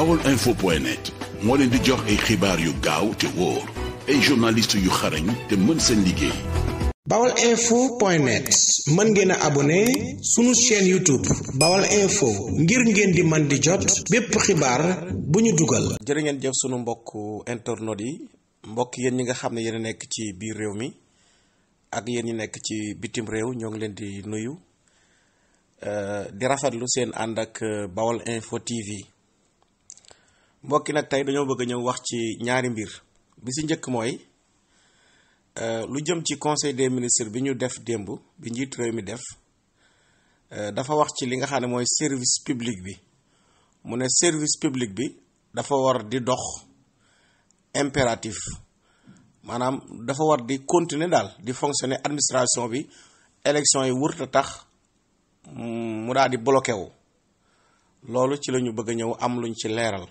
bawol info point moo leen di jox ay xibaar yu gaaw te wóor ay journaliste yu xarañ te mën seen liggéey bawal info ngeen a abonné sunu chaîne youtube bawal info ngir ngeen di man di jot bépp xibaar bu ñu dugal jërë ngeen jëf sunu mbokk internautes yi mbokk yéen ñi nga xam ne yéen a nekk ci biir réew mi ak yéen ñi nekk ci bitim réew ñoo ngi leen di nuyu eh, di rafetlu seen ànd ak eh, bawal info tv mbokki nag tey dañoo bëgg a ñëw wax ci ñaari mbir bi si njëkk mooy euh, lu jëm ci conseil des ministres bi ñu def démb bi njiit réew mi def euh, dafa wax ci li nga xam ne mooy service public bi mu ne service public bi dafa war di dox impératif maanaam dafa war di continuer daal di fonctionner administration bi élection yi wurta tax mu daal di bloqué wu loolu ci lañu bëgg a ñëw am luñ ci leeral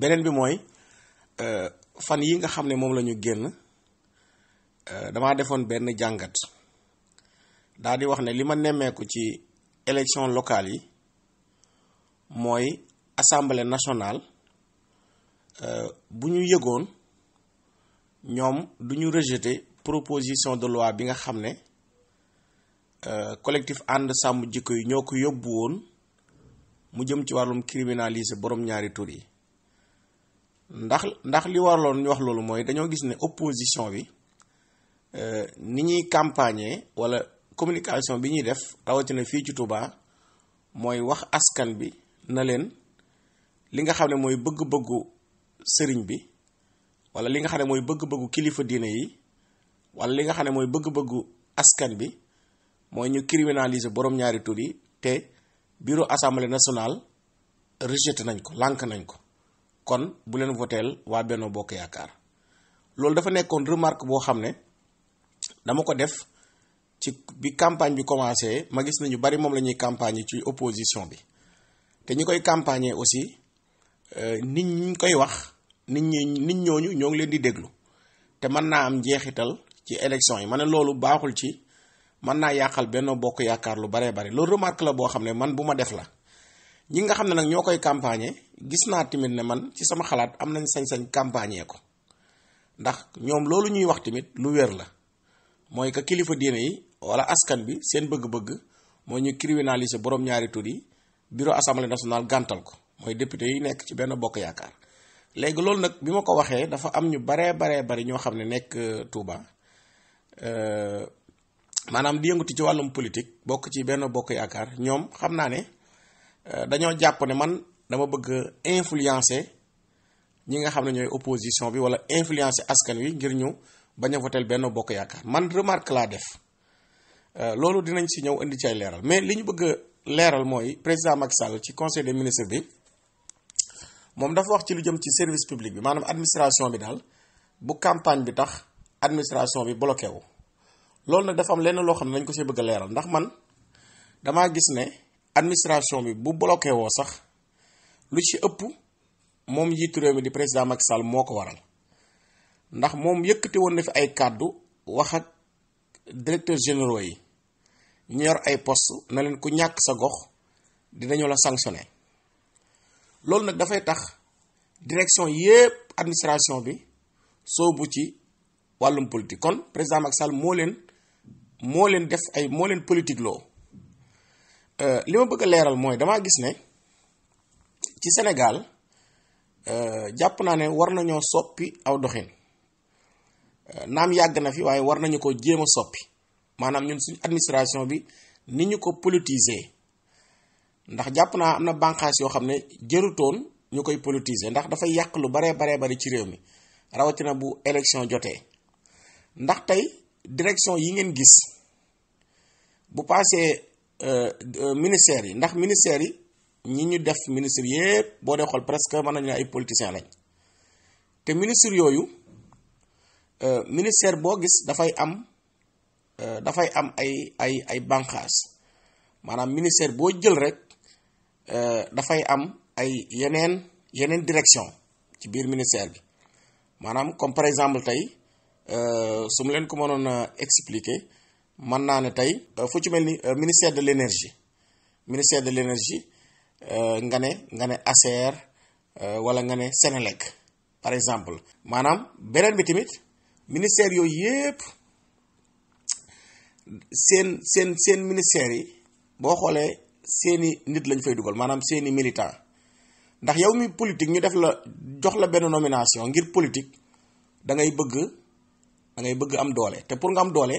beneen bi mooy euh, fan yi nga xam ne moom la ñu génn euh, damaa defoon benn jàngat dal di wax ne li ma nemmeeku ci élection locale yi mooy assemblée nationale euh, bu ñu yëgoon ñoom du ñu rejeter proposition de loi bi nga xam ne collectif ànd sàmm jikko yi ñoo ko yóbbu woon mu jëm ci wàllum criminaliser borom ñaari tur yi ndax ndax li warloon ñu wax loolu mooy dañoo gis ne opposition bi euh, ni ñuy campagne wala communication bi ñuy def rawatina fii ci Touba mooy wax askan bi na leen li nga xam ne mooy bëgg-bëggu sëriñ bi wala li nga xam ne mooy bëgg-bëggu kilifa diine yi wala li nga xam ne mooy bëgg-bëggu askan bi mooy ñu criminaliser borom ñaari tur te bureau assemblée national rejeté nañ ko lànk nañ ko. kon bu leen voteel waa Benno Bokk Yaakaar loolu dafa nekkoon remarque boo xam ne dama ko def ci bi campagne bi commencé ma gis na ñu bari moom la ñuy campagne ci opposition bi te ñi koy campagne aussi euh, nit ñi koy wax nit ñi nit ñooñu ñoo ngi leen di déglu te mën naa am njeexital ci élection yi ma ne loolu baaxul ci mën naa yàqal Benno Bokk Yaakaar lu baree bari loolu remarque la boo xam ne man bu ma def la ñi nga xam ne nag ñoo koy campagne gis naa tamit ne man ci sama xalaat am nañ sañ-sañ campagne ko ndax ñoom loolu ñuy wax tamit lu wér la mooy que kilifa diine yi wala askan bi seen bëgg-bëgg mooy ñu criminaliser borom ñaari tur yi bureau assemblée nationale gàntal ko mooy député yi nekk ci benn bokk yaakaar léegi loolu nag bi ma ko waxee dafa am ñu baree baree bari ñoo xam ne nekk euh, Touba euh, maanaam di yëngatu ci wàllum politique bokk ci benn bokk yaakaar ñoom xam naa ne. Euh, dañoo jàpp ne man dama bëgg influencer ñi nga xam ne ñooy opposition bi wala influencer askan wi ngir ñu bañ a teel benn bokk yaakaar man remarque laa def euh, loolu dinañ si ñëw indi ci leeral mais li ñu bëgg a leeral mooy président Macky Sall ci conseil des ministres bi moom dafa wax ci lu jëm ci service public bi maanaam administration bi daal bu campagne bi tax administration bi bloqué wu. loolu nag dafa am lenn loo xam ne dañ ko see bëgg a leeral ndax man administration bi bu bloqué woo sax lu ci ëpp moom njiitu réew mi di président Macky Sall moo ko waral ndax moom yëkkati woon na fi ay kàddu wax ak directeur généraux yi ñu yor ay post na leen ku ñàkk sa gox dinañu la sanctionné loolu nag dafay tax direction yépp administration bi soobu ci wàllum politique kon président Macky Sall moo leen moo leen def ay moo leen politique loo Euh, li ma bëgg leeral mooy damaa gis ne ci Sénégal euh, jàpp naa ne war nañoo soppi aw doxin euh, naam yàgg na fi waaye war nañu ko jéem a soppi maanaam ñun suñ administration bi ni ñu ko politiser ndax jàpp naa am na bànqaas yoo xam ne jërutoon ñu koy politiser ndax dafay yàq lu baree baree bari ci réew mi rawatina bu élection jotee ndax tey direction yi ngeen gis bu paasee. Euh, euh, ministères yi ndax ministères yi ñi ñu def ministre yépp boo dee xool presque mën nañu ay politiciens lañ te ministre yooyu euh, ministère boo gis dafay am dafay am ay ay ay bànqaas maanaam ministère boo jël rek dafay am ay yeneen yeneen direction ci biir ministère bi maanaam comme par exemple tey su mu leen ko mënoon a expliquer mën naa ne tey euh, fu ci mel ni euh, ministère de l'énergie ministère de l'énergie euh, nga ne nga ne ACR wala nga ne Senelec par exemple maanaam beneen bi tamit ministère yooyu yépp seen seen seen ministères yi boo xoolee seeni nit lañ fay dugal maanaam seeni militan ndax yow mi politique ñu def la jox la benn nomination ngir politique da ngay bëgg dangay bëgg am doole te pour nga am doole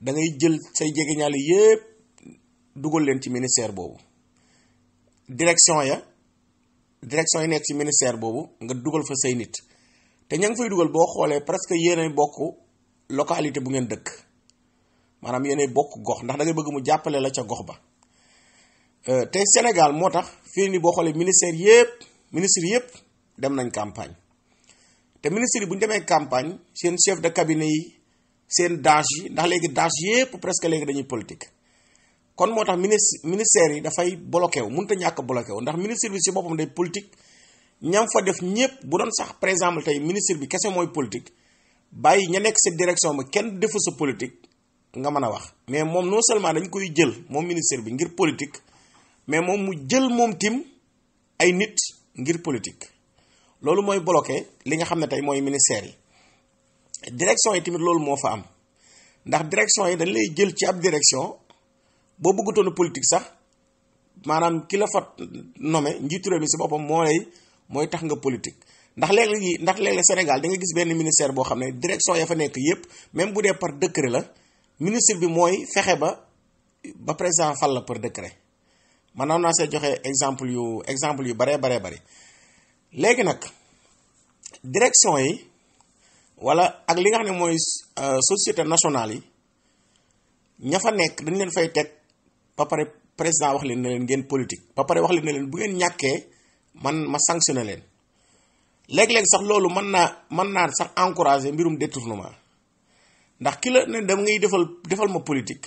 da ngay jël say jegeñaale yépp dugal leen ci ministère boobu direction ya direction yi nekk ci ministère boobu nga dugal fa say nit te ña ngi fay dugal boo xoolee presque yéenay bokk localité bu ngeen dëkk maanaam yéenay bokk gox ndax dangay bëgg mu jàppale la ca gox ba euh, tey Sénégal moo tax fii nii boo xoolee ministère yépp ministre yépp dem nañ campagne te ministre yi bu demee campagne seen chef de cabinet yi seen dash yi ndax léegi dash yépp presque léegi dañuy politique kon moo tax ministre ministère yi dafay bloqué wu mënut a ñàkk bloqué wu ndax ministre bi si boppam day politique ñam fa def ñépp bu doon sax par exemple tey ministre bi kese mooy politique bàyyi ña nekk sa direction ba kenn defu sa politique nga mën a wax mais moom non seulement dañ koy jël moom ministre bi ngir politique mais moom mu jël moom tim ay nit ngir politique loolu mooy bloqué li nga xam ne tey mooy ministère yi direction yi tamit loolu moo fa am ndax direction yi dañ lay jël ci ab direction boo bëggutoon politique sax maanaam ki la fa nommé njiitu réew mi si boppam moo lay mooy tax nga politique ndax léeg-léeg ndax léeg Sénégal di nga gis benn ministère boo xam ne direction a fa nekk yépp même bu dee par décret la ministre bi mooy fexe ba ba président fal la par décret maanaam naa see joxe exemple yu exemple yu baree baree bari léegi nag direction yi wala ak li nga xam ne mooy euh, société nationale yi ña fa nekk dañ leen fay teg ba pare président wax leen ne leen ngeen politique ba pare wax leen ne leen bu ngeen ñàkkee man ma sanctionné leen léeg-léeg sax loolu mën naa mën naa sax encourager mbirum détournement ndax ki la ne dama ngay defal defal ma politique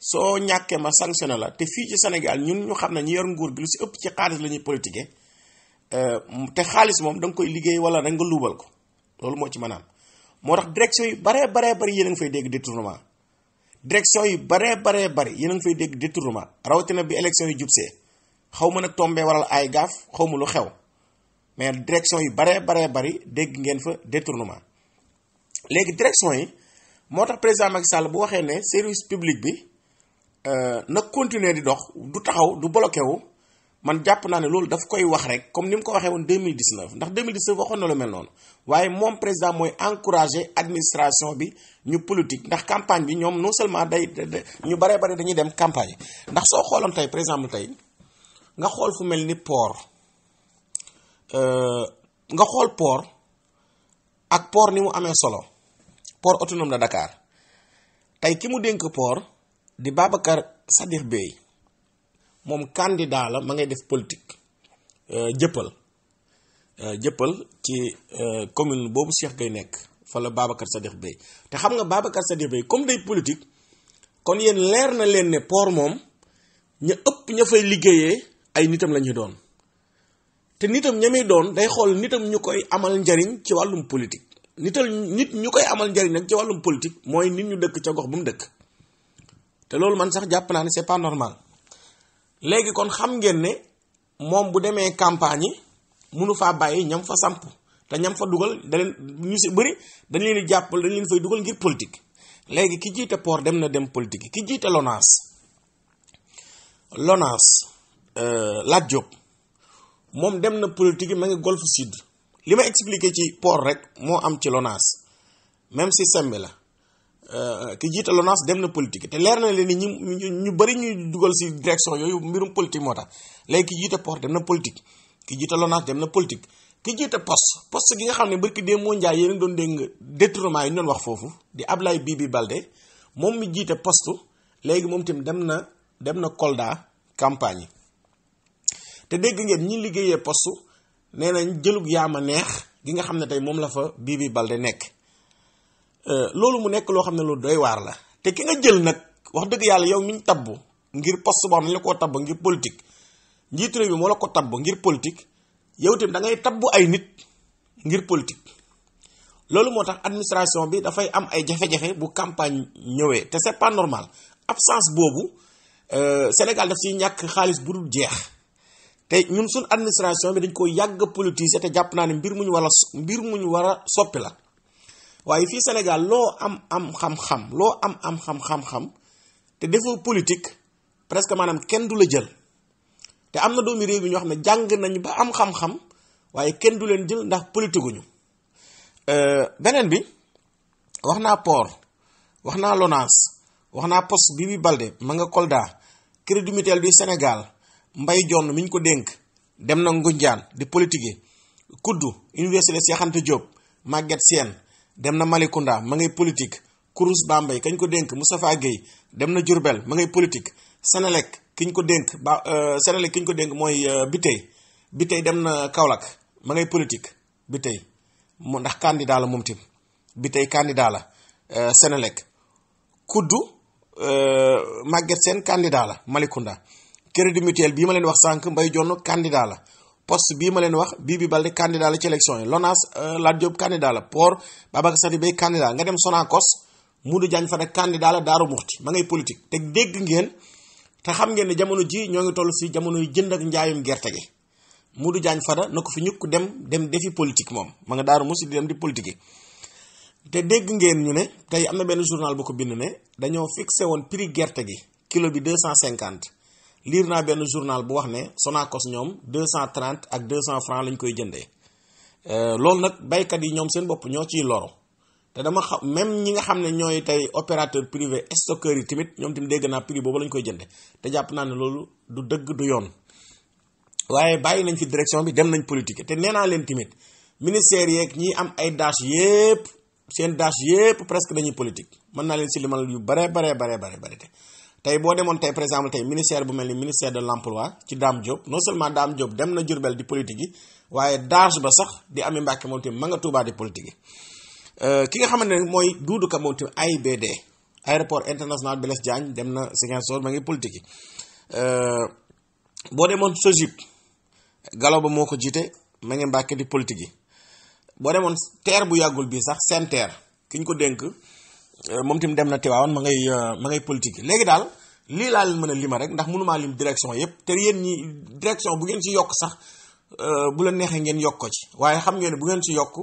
soo ñàkkee ma sanctionné la te fii ci Sénégal ñun ñu xam ne ñu yor nguur gi lu si ëpp ci xaalis la ñuy politiquer euh, te xaalis moom da nga koy liggéey wala da nga luubal ko loolu moo ci mën moo tax direction yi baree baree bari yéen a fay dégg détournement direction yu baree baree bari yéen a fay dégg détournement rawatina bi élection yu jubsee xaw ma nag tombee waral ay gaaf xaw ma lu xew mais direction yu baree baree bari dégg ngeen fa détournement léegi direction yi moo tax président Macky Sall bu waxee ne service public bi euh, nag continuer di dox du taxaw du bloqué wu. man jàpp naa ne loolu daf koy wax rek comme ni mu ko waxee woon 2019 ndax 2019 waxoon na lu mel noonu waaye moom président mooy encourager administration bi ñu politique ndax campagne bi ñoom non seulement day ñu baree bari dañuy dem campagne ndax soo xooloon tey par exemple tey nga xool fu mel ni port euh, nga xool poor ak port ni mu amee solo port autonome de Dakar tey ki mu dénk poor di Babacar Sadikh Bèye moom candidat la ma ngay def politique euh, jëppal euh, jëppal ci euh, commune boobu Cheikh Gueye nekk fa la Babacar Sadikh Bèye te xam nga Babacar Sadikh Bèye comme day politique kon yéen leer na leen ne port moom ña ëpp ña fay liggéeyee ay nitam la ñuy doon te nitam ña muy doon day xool nitam ñu koy amal njariñ ci wàllum politique nital nit ñu koy amal njariñ nag ci wàllum politique mooy nit ñu dëkk ca gox bu mu dëkk te loolu man sax jàpp naa ne c'est pas normal léegi kon xam ngeen ne moom bu demee campagne yi munu faa bàyyi ñam fa samp te ñam fa dugal da leen ñu si bëri dañ leen di dañ leen fay dugal ngir politique léegi ki jiite port dem na dem politique ki jiite LONASE LONASE euh, Lat Diop moom dem na politique ma ngi Golf Sud li ma expliqué ci poor rek moo am ci LONASE même système bi la Euh, ki jiite LONASE dem na politique te leer na leen ni ñi ñu bëri ñuy dugal si direction yooyu mbirum politique moo tax léegi ki jiite port dem na politique ki jiite LONASE dem na politique ki jiite poste poste gi nga xam ne barki dee moo njaay yéen doon dégg détournement yi ñu doon wax foofu di Ablaye Bibi Baldé moom mi jiite poste léegi moom tamit dem na dem na Kolda campagne yi te dégg ngeen ñi liggéeyee poste nee nañ jëlug yaama neex gi nga xam ne tey moom la fa bii Bibi balde nekk Euh, loolu mu nekk loo xam ne lu doy waar la te ki nga jël nag wax dëgg yàlla yow miñ tabb ngir poste boo xam ne la koo tabb ngir politique njiit réew bi moo la ko tabb ngir politique yow tamit da ngay ay nit ngir politique loolu moo tax administration bi dafay am ay jafe bu campagne ñëwee te c'est pas normal absence boobu euh, Sénégal daf ciy ñàkk xaalis bu dul jeex te ñun suñ administration bi dañ ko yàgg politiser te jàpp naa ne mbir mu ñu war mbir mu ñu war a soppi la waaye fii Sénégal loo am am xam-xam loo am am xam xam te defoo politique presque maanaam kenn du la jël te am na doomi réew bi ñoo xam ne jàng nañ ba am xam-xam waaye kenn du leen jël ndax politikuñu euh, beneen bi wax naa port wax naa lonaas wax naa poste bi bi balde ma nga Kolda crédit mutuel du Sénégal mbay jonn mi ñu ko dénk dem na Ngunjaan di politique kuddu université Cheikh Anta màgget seen dem na Malicounda ma ngay politique Crous Bambey kañ ko dénk Moustapha Guèye dem na Diourbel ma ngay politique Senelec kiñ ko dénk ba euh, Senelec kiñ ko dénk mooy Bitèye euh, Bitèye dem na Kaolack ma ngay politique Bitèye mu ndax candidat la moom tim Bitèye candidat la euh, Senelec kuddu Maguette Sène candidat la Malicounda crédit mutuel bii ma leen wax sànq Mbaye Dione candidat la post bii ma leen wax bii bi Baldé candidat la ci élection yi Lonaas euh, Lat Diop candidat la Port Babacar Sadibé candidat nga dem Sonacos Modou Diagne Fada candidat la Daaru Muxti ma ngay politique te dégg ngeen te xam ngeen ne jamono ji ñoo ngi toll si jamono jënd ak njaayum gerte gi Modou Diagne Fada na ko fi ñukk dem dem defi politique moom ma nga Daaru Muxti di dem di politique te dégg ngeen ñu ne tey am na benn journal bu ko bind ne dañoo fixé woon prix gerte gi kilo bi deux cent cinquante liir naa benn journal bu wax ne Sonacos ñoom deux cent trente ak deux cent francs lañ koy jëndee euh, loolu nag baykat yi ñoom seen bopp ñoo ci loro te dama xam même ñi nga xam ne ñooy tey opérateur privé stockeurs yi tamit ñoom tamit dégg naa prix boobu lañ koy jënde te jàpp naa ne loolu du dëgg du yoon waaye bàyyi nañ fi direction bi dem nañ politique te nee naa leen tamit ministère yeeg ñi am ay dash yépp seen dash yépp presque dañuy politique mën na leen si limal yu bare bare bare bare tey boo demoon tey par exemple tey ministère bu mel ni ministère de l'emploi ci Dame Diop non seulement Dame Diop dem na Jurbel di politique yi waaye daaj ba sax di Amy Mbacke moom tamit ma nga Touba di euh, ki nga xamante ne mooy Doudou Ka moom tamit AIBD aéroport international Blaise Diagne dem na Ziguinchor ma ngi politique yi euh, boo demoon SOGIP galaw Ba moo ko jiite ma ngi Mbacke di politique yi boo demoon TER bu yàggul bii sax SEN TER ki ñu ko dénk Euh, moom tim dem na Tiwaawan ma ngay euh, ma ngay politique léegi daal lii laa leen mën a lima rek ndax mënumaa lim direction yépp te yéen ñi direction bu ngeen si yokk sax euh, bu la neexee ngeen yokk ko ci waaye xam ngeen ne bu ngeen si yokk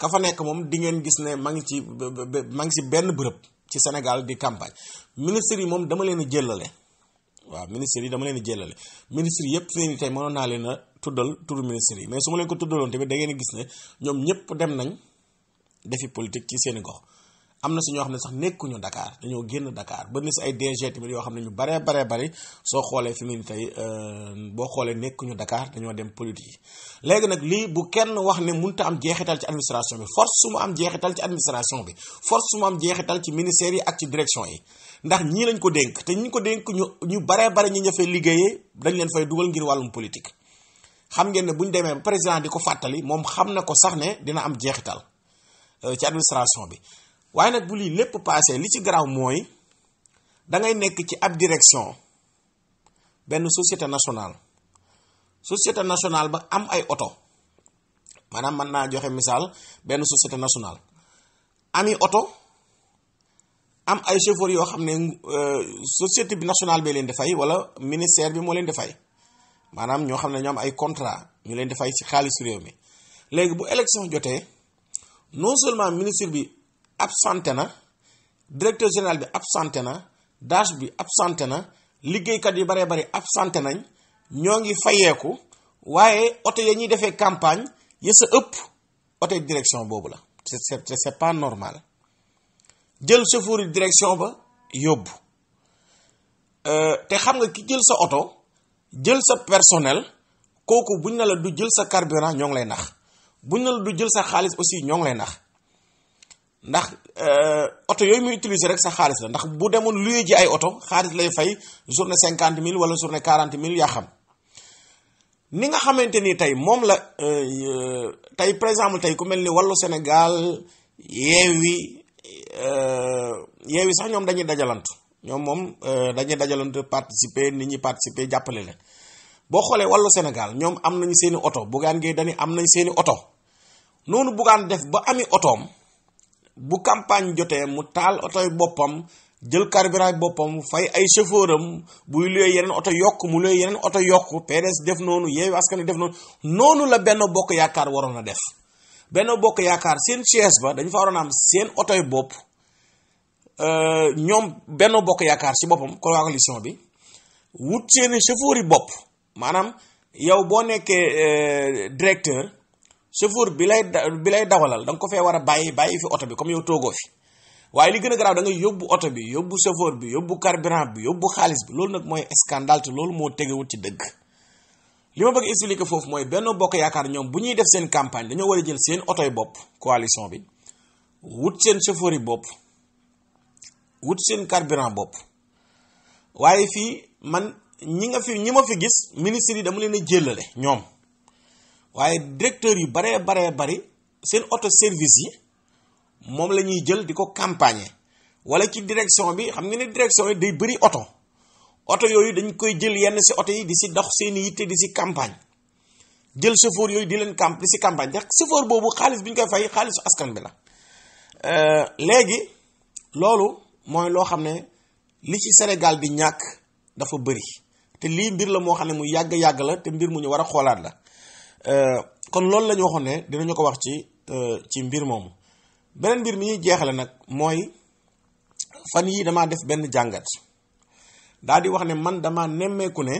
ka fa nekk moom di ngeen gis ne ma ngi ci ma ngi ci benn bërëb ci Sénégal di campagne ministre yi moom dama leen a jëllale waaw ministre yi dama leen a jëllale ministre yépp fi mënoon naa leen a tuddal turu ministre yi mais su ma leen ko tuddaloon tamit da ngeen gis ne ñoom ñépp dem nañ defi politique ci seeni gox am na si ñoo xam ne sax nekkuñu Dakar dañoo génn Dakar ba ni si ay DG tamit yoo xam ne ñu bare baree bari soo xoolee fi mu ne tey euh, boo xoolee nekkuñu dakaar dañoo dem politique léegi nag lii bu kenn wax ne mun am jeexital ci administration bi force su am jeexital ci administration bi force su am jeexital ci ministères yi ak ci direction yi ndax ñii lañ ko dénk te ñi ko dénk ñu ñu baree bare ñi ña fay dañ leen fay dugal ngir wàllum politique. xam ngeen ne bu ñu demee président di ko fàttali moom xam na ko sax ne dina am jeexital euh, ci administration bi waaye nag bu lii lépp paase li ci garaaw mooy da ngay nekk ci ab direction benn société national société national ba am ay oto maanaam mën naa joxe misaal benn société nationale ami oto am ay chauffeur yoo xam ne euh, société bi national bee leen defay fay wala ministère bi moo leen di maanaam ñoo xam ne ñoom ay contrat ñu leen defay fay ci xaalis réew mi léegi bu élection jotee non seulement ministre bi absenté na directeur général bi absenté na DAGE bi absenté na liggéeykat yu baree bari absenté nañ ñoo ngi fayeeku waaye oto ya ñuy defee campagne ya sa ëpp oto direction boobu la c'est c'est pas normal jël chauffeur direction ba yóbbu euh, te xam nga ki jël sa oto jël sa personnel kooku buñ na la du jël sa carburant ñoo ngi lay nax buñ na la du jël sa xaalis aussi ñoo ngi lay nax ndax euh, oto yooyu muy utiliser rek sa xaalis la ndax bu demoon luye ji ay oto xaalis lay fay journée cinquante mille wala journée quarante mille yaa xam ni nga xamante ni tey moom la euh, euh, tey par exemple tey ku mel ni wàllu Sénégal yeewi yeewi sax ñoom dañuy dajalant ñoom moom dañuy dajalantu participer nit ñi participer jàppale la boo xoolee wàllu Sénégal ñoom am nañu seeni oto Bougane Gueye Dany am nañ seeni oto noonu Bougane def ba ami otoom. bu campagne jotee mu taal otoy boppam jël carburant boppam fay ay chauffeur am buy luy yeneen oto yokk mu luy yeneen oto yokk PDS def noonu Yewwi Askan yi def noonu noonu la Benno Bokk Yaakaar waroon a def Benno Bokk Yaakaar seen chaise ba dañ fa waroon a am seen otoy bopp euh, ñoom Benno Bokk Yaakaar si boppam coalition bi wut seeni chauffeur yi bopp maanaam yow boo nekkee euh, directeur chauffeur bi lay bi lay dawalal danga ko fee war a bàyyi bàyyi fi oto bi comme yow toogoo fi waaye li gën a garaaw da yóbbu oto bi yóbbu chauffeur bi yóbbu carburant bi yóbbu xaalis bi loolu nag mooy scandale te loolu moo tegewul ci dëgg li ma bëgg expliquer foofu mooy Benno Bokk Yaakaar ñoom bu ñuy def seen campagne dañoo war a jël seen oto yi bopp coalition bi wut seen yi bopp seen carburant bopp waaye fii man ñi nga fi ñi ma fi gis ministre yi dama leen a ñoom waaye directeur yu baree baree bari seen auto service yi moom la ñuy jël di ko campagne wala ci direction bi xam nga ne direction yi day bëri oto oto yooyu dañ koy jël yenn si oto yi di si dox seeni yitte di si campagne jël chauffeur yooyu di leen camp di si campagne ndax chauffeur boobu xaalis bi ñu koy fay xaalisu askan bi la euh, léegi loolu mooy loo xam ne li ci Sénégal di ñàkk dafa bëri te lii mbir la moo xam ne mu yàgg-yàgg la te mbir mu ñu war a xoolaat la Euh, kon loolu la ñu waxoon ne dinañu ko wax ci euh, ci mbir moomu beneen mbir mi ñuy jeexale nag mooy fan yii damaa def benn jàngat daal di wax ne man dama nemmeeku ne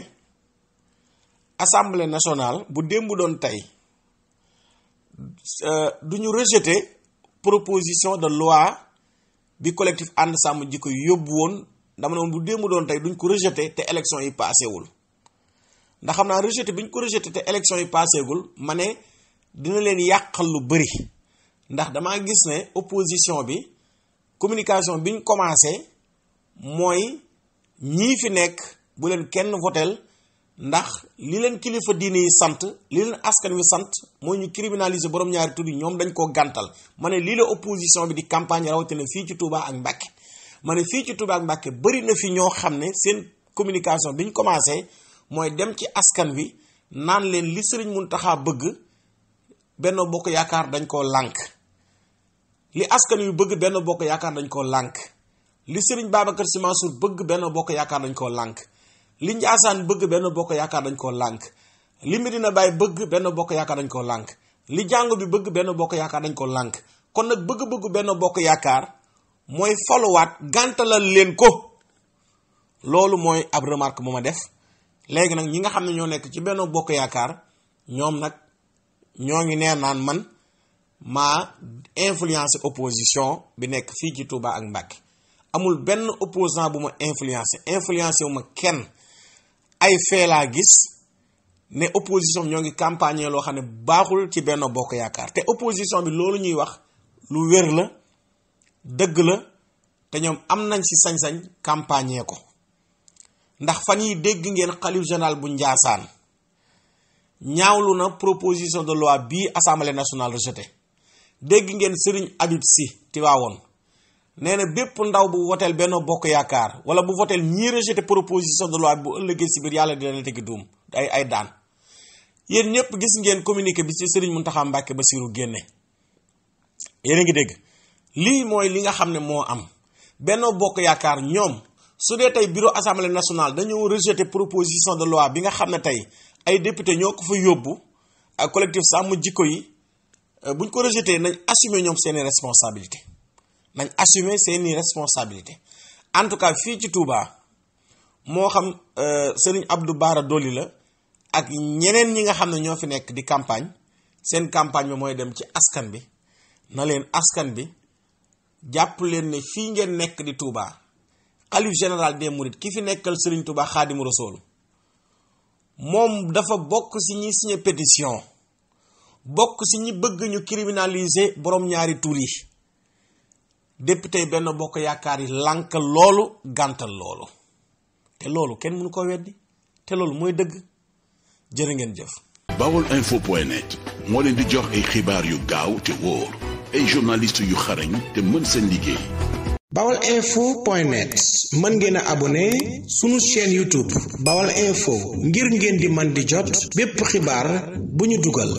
assemblée nationale bu démb doon tey euh, duñu ñu rejeter proposition de loi bi collectif ànd sàmm jikko yóbbu woon dama ne woon bu démb doon tey duñ ko rejeter te élection yi paasewul ndax xam naa rejeté bi ñu ko rejeté te élection yi paaseegul ma ne dina leen yàqal lu bëri ndax damaa gis ne opposition bi communication bi ñu commencé mooy ñii fi nekk bu leen kenn votel ndax li leen kilifa diine yi sant li leen askan wi sant mooy ñu criminaliser borom ñaari tur yi ñoom dañ koo gàntal ma ne lii la opposition bi di campagne rawatina fii ci Touba ak Mbacke ma ne fii ci Touba ak Mbacke bari na fi ñoo xam ne seen communication bi ñu commencé. mooy dem ci askan wi naan leen li sëriñ Muntaxa bëgg Benno Bokk Yaakaar dañ koo lànk li askan wi bëgg benn Bokk Yaakaar dañ koo lànk li sëriñ Babacar Sy bëgg benn Bokk Yaakaar dañ koo lànk li Njaasaan bëgg Benno Bokk Yaakaar dañ koo lànk li Medina Baye bëgg benn Bokk Yaakaar dañ koo lànk li jàngo bi bëgg benn Bokk Yaakaar dañ koo lànk kon nag bëgg-bëggu benn Bokk Yaakaar mooy foluwaat gàntalal leen ko loolu mooy ab remarque bu ma def léegi nag ñi nga xam ne ñoo nekk ci benn Bokk Yaakaar ñoom nag ñoo ngi nee naan man maa influencé opposition bi nekk fii ci Touba ak Mbacké amul benn opposant bu ma influencé influencé wu ma kenn ay fee gis ne opposition ñoo ngi campagne loo xam ne baaxul ci benn Bokk Yaakaar te opposition bi loolu ñuy wax lu wér la dëgg la te ñoom am nañ si sañ-sañ campagne ko ndax fan yi dégg ngeen xalif général bu njaasaan ñaawlu na proposition de loi bii assemblée national rejetée dégg ngeen sëriñ Habib Sy Tiwaawoon nee na bépp ndaw bu woteel Benno Bokk Yaakaar wala bu woteel ñii rejeté proposition de loi bu ëllëgee si biir yàlla dina tegi duum ay ay daan yéen ñëpp gis ngeen communiqué bi ci sëriñ Mountakha ba Bassirou génne yéen a ngi dégg lii mooy li nga xam ne moo am Benno Bokk Yaakaar ñoom su dee tey bureau assemblée national dañoo rejeté proposition de loi bi nga xam ne tey ay député ñoo ko fa yóbbu ak collectif sàmm jikko yi euh, buñ ko rejeté nañ assumer ñoom seeni responsabilité nañ assumer seeni responsabilité en tout cas fii ci Touba moo xam euh, Serigne Abdou Bara Dolly la ak ñeneen ñi nga xam ne ñoo fi nekk di campagne seen campagne bi mooy dem ci askan bi na leen askan bi jàpp leen ni fii ngeen nekk di Touba. xalif général des mourides ki fi nekkal Serigne Touba Xaadimu Rasuul moom dafa bokk ci ñi signé pétition bokk ci ñi bëgg ñu criminaliser boroom ñaari tur yi député benn bokk yaakaar yi lànk loolu gàntal loolu te loolu kenn mënu ko weddi te loolu mooy dëgg jërë ngeen jëf. bawol info point net moo leen di jox ay xibaar yu gaaw te wóor ay journaliste yu xarañ te mën seen liggéey. bawal info point net mën ngeen a abonné sunu chaîne youtube bawal info ngir ngeen di man di jot bépp xibaar bu ñu dugal